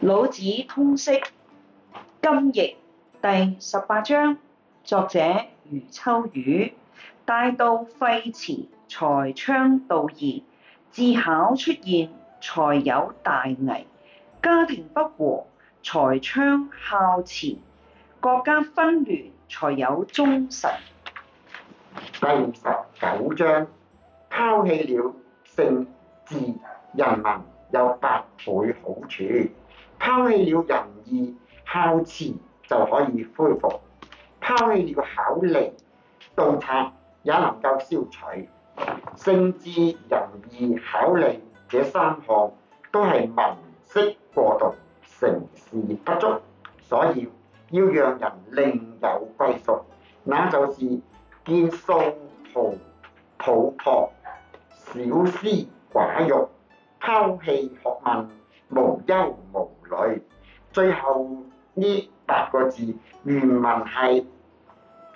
老子通釋今譯第十八章，作者余秋雨。大道廢詞，才倡道義，自考出現，才有大危。家庭不和，才倡孝慈，國家分亂，才有忠臣。第十九章，拋棄了政治，人民有百倍好處。.拋棄了仁義，孝慈就可以恢復，拋棄了巧利，盜賊也能夠消除，深知仁義巧利這三項都係文飾過度，成事不足，所以要讓人另有歸屬，那就是見素抱樸，少私寡欲，拋棄學問，無憂無。最後呢八個字原文係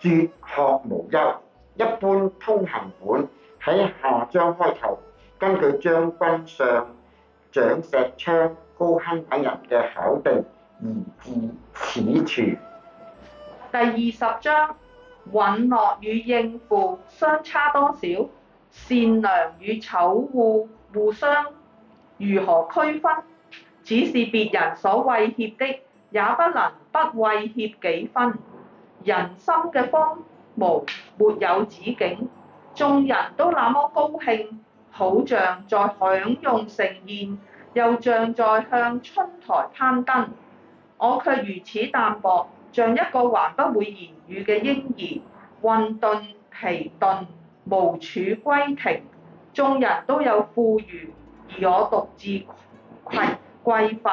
絕學無憂，一般通行本喺下章開頭，根據將軍相、蔣錫昌、高亨等人嘅考訂而移至此處。第二十章，允諾與應付相差多少？善良與醜惡互相如何區分？只是別人所畏怯的，也不能不畏怯幾分。人心嘅荒蕪沒有止境，眾人都那麼高興，好像在享用盛宴，又像在向春台攀登。我卻如此淡薄，像一個還不會言語嘅嬰兒。困頓疲鈍，無處歸停。眾人都有富裕，而我獨自攜。貴佛，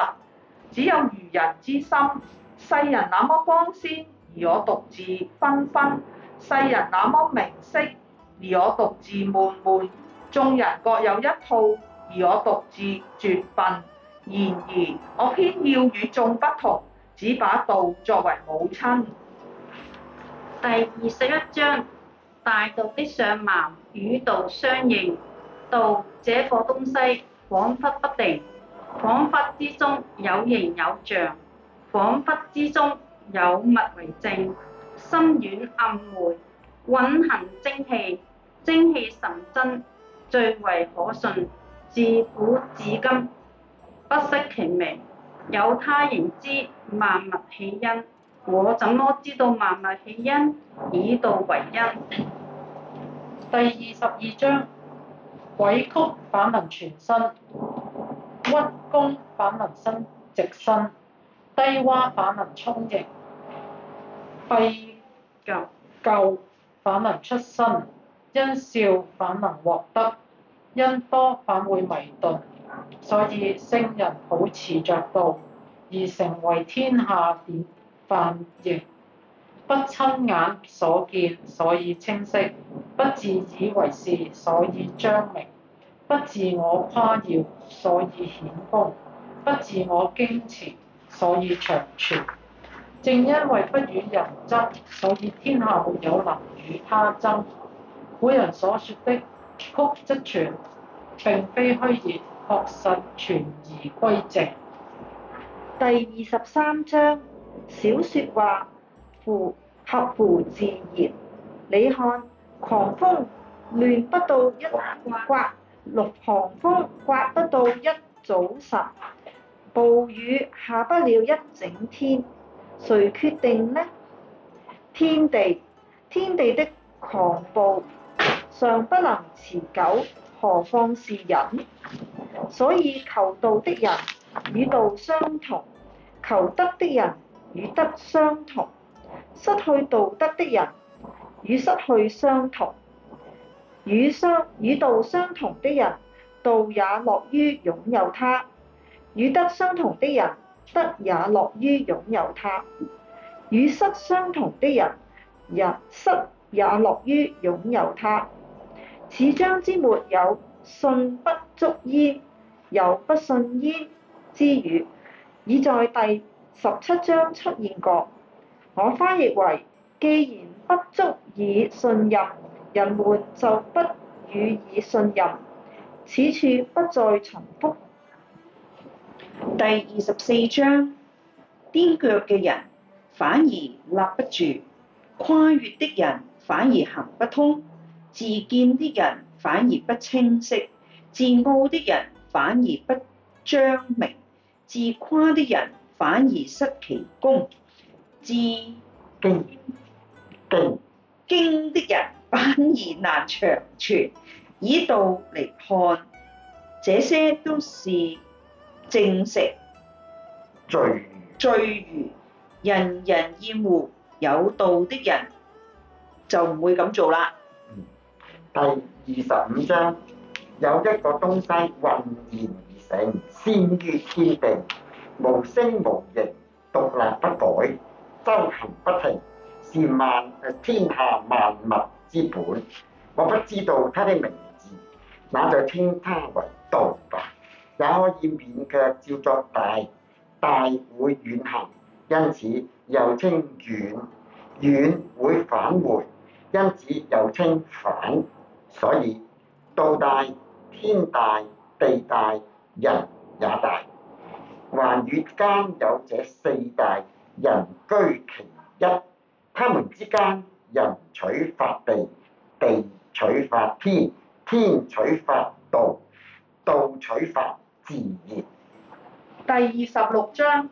只有愚人之心。世人那麼光鮮，而我獨自昏昏；世人那麼明晰，而我獨自悶悶。眾人各有一套，而我獨自絕笨。然而，我偏要與眾不同，只把道作為母親。第二十一章，大道的上萬與道相應，道這個東西恍惚不定。恍惚之中有形有象，恍惚之中有物為證。深遠暗昧，蘊含精氣，精氣神真，最為可信。自古至今，不惜其名，有他人知萬物起因。我怎麼知道萬物起因？以道為因。第二十二章：鬼曲反能全身。屈躬反能伸直身，低洼反能充盈，敝舊反能出新。因少反能獲得，因多反會迷頓。所以聖人好持着道，而成為天下典範型。不親眼所見，所以清晰；不自以為是，所以彰明。不自我誇耀，所以顯功；不自我矜持，所以長存。正因為不與人爭，所以天下沒有能與他爭。古人所說的「曲則全」，並非虛言，確實全而歸正。第二十三章小説話，符合乎自然。你看，狂風亂不到一打刮。六狂風刮不到一早晨，暴雨下不了一整天，誰決定呢？天地，天地的狂暴尚不能持久，何況是人？所以求道的人與道相同，求德的人與德相同，失去道德的人與失去相同。與相與道相同的人，道也樂於擁有他；與德相同的人，德也樂於擁有他；與失相同的人，人失也樂於擁有他。此章之末有「信不足焉，有不信焉」之語，已在第十七章出現過。我翻譯為：既然不足以信任。人們就不予以信任，此處不再重複。第二十四章：踮腳嘅人反而立不住，跨越的人反而行不通，自見的人反而不清晰，自傲的人反而不彰明，自誇的人反而失其功。自、嗯嗯經的人反而難長存，以道嚟看，這些都是正食，罪最醉如人人厭惡，有道的人就唔會咁做啦。嗯，第二十五章，有一個東西混然而成，先於天地，無聲無形，獨立不改，周行不停。是萬天下萬物之本，我不知道它的名字，那就稱它為道吧。也可以勉強叫作大，大會遠行，因此又稱遠；遠會返回，因此又稱返。所以道大，天大，地大，人也大，寰宇間有這四大人居其一。他們之間人取法地，地取法天，天取法道，道取法自然。第二十六章：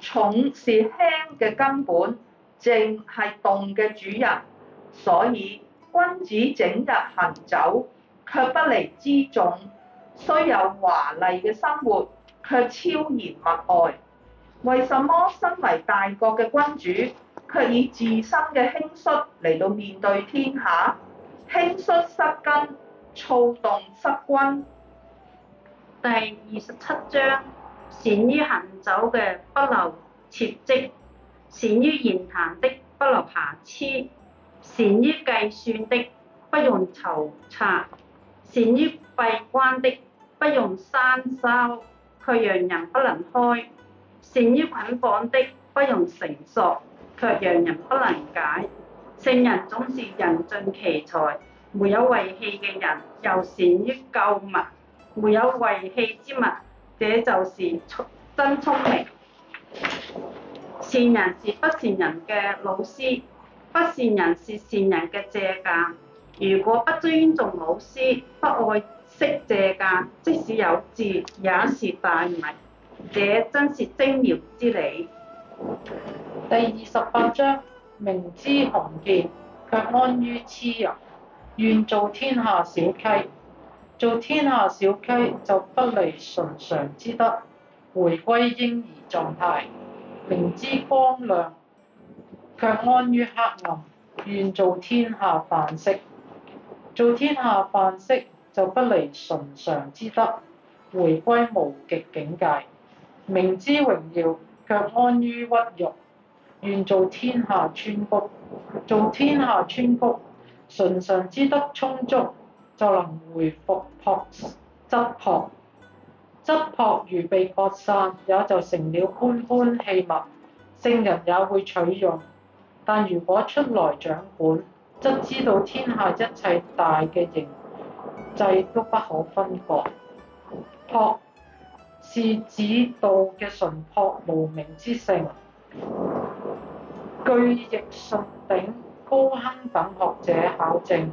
重是輕嘅根本，靜係動嘅主人。所以，君子整日行走，卻不離之重；雖有華麗嘅生活，卻超然物外。為什麼身為大國嘅君主？卻以自身嘅輕率嚟到面對天下，輕率失根，躁動失君。第二十七章：善於行走嘅不留切跡，善於言談的不留瑕疵，善於計算的不用籌策，善於閉關的不用栓梢，卻讓人不能開；善於捆綁的不用繩索。卻讓人不能解。聖人總是人盡其才，沒有遺棄嘅人，又善於救物，沒有遺棄之物，這就是聰真聰明。善人是不善人嘅老師，不善人是善人嘅借鑑。如果不尊重老師，不愛惜借鑑，即使有智，也是大迷。這真是精妙之理。第二十八章：明知雄健，卻安於雌柔。願做天下小溪，做天下小溪就不離純常之德，回歸嬰兒狀態。明知光亮，卻安於黑暗；願做天下範式，做天下範式，下式就不離純常之德，回歸無極境界。明知榮耀，卻安於屈辱。願做天下川谷，做天下川谷，純常之德充足，就能回復朴質朴，質朴如被割散，也就成了般般器物。聖人也會取用，但如果出來掌管，則知道天下一切大嘅形制都不可分割。朴是指道嘅純朴無名之性。據易順鼎、高亨等學者考證，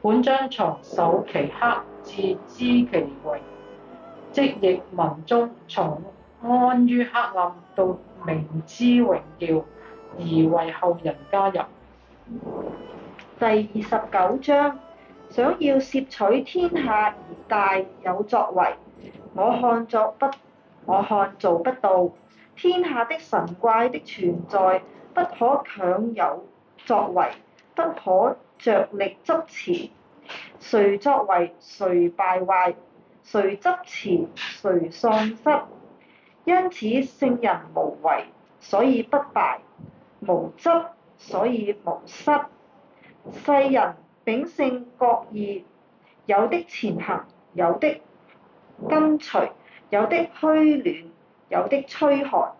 本章從守其黑至知其榮，即逆民中從安於黑暗到明知榮耀而為後人加入。第二十九章，想要攝取天下而大有作為，我看作不，我看做不到。天下的神怪的存在，不可強有作為，不可着力執持。誰作為，誰敗壞；誰執持，誰喪失。因此聖人無為，所以不敗；無執，所以無失。世人秉性各異，有的前行，有的跟隨，有的虛亂。有的吹寒，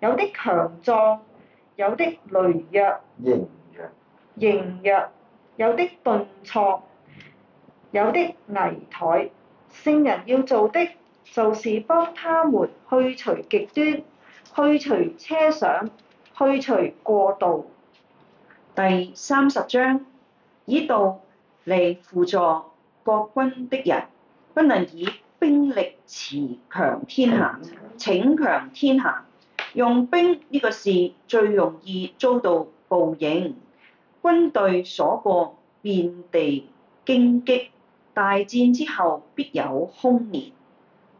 有的強壯，有的羸弱，羸弱，羸弱，有的頓挫，有的危殆。聖人要做的就是幫他們去除極端，去除奢想，去除過度。第三十章，以道嚟輔助國君的人，不能以兵力持強天下。嗯逞強天下，用兵呢個事最容易遭到報應。軍隊所過，遍地荊棘。大戰之後必有凶年。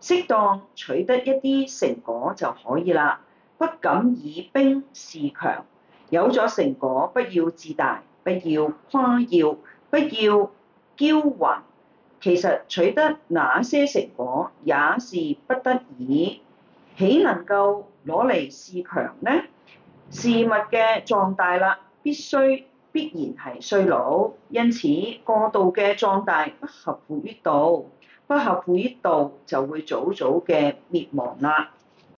適當取得一啲成果就可以啦。不敢以兵示強，有咗成果不要自大，不要誇耀，不要驕橫。其實取得那些成果也是不得已。豈能夠攞嚟示強呢？事物嘅壯大啦，必須必然係衰老，因此過度嘅壯大不合乎於道，不合乎於道就會早早嘅滅亡啦。